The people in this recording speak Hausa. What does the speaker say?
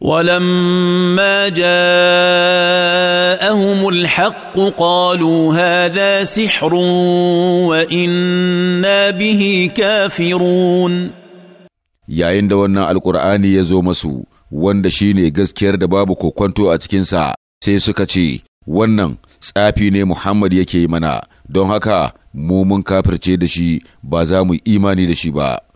ولما جاءهم الحق قالوا هذا سحر وإنا به كافرون yayin da wannan alkur'ani ya zo masu wanda shi ne gaskiyar da babu kokwanto a cikinsa sai suka ce wannan tsafi ne muhammad yake yi mana don haka mu mun kafirce da shi ba za mu imani da shi ba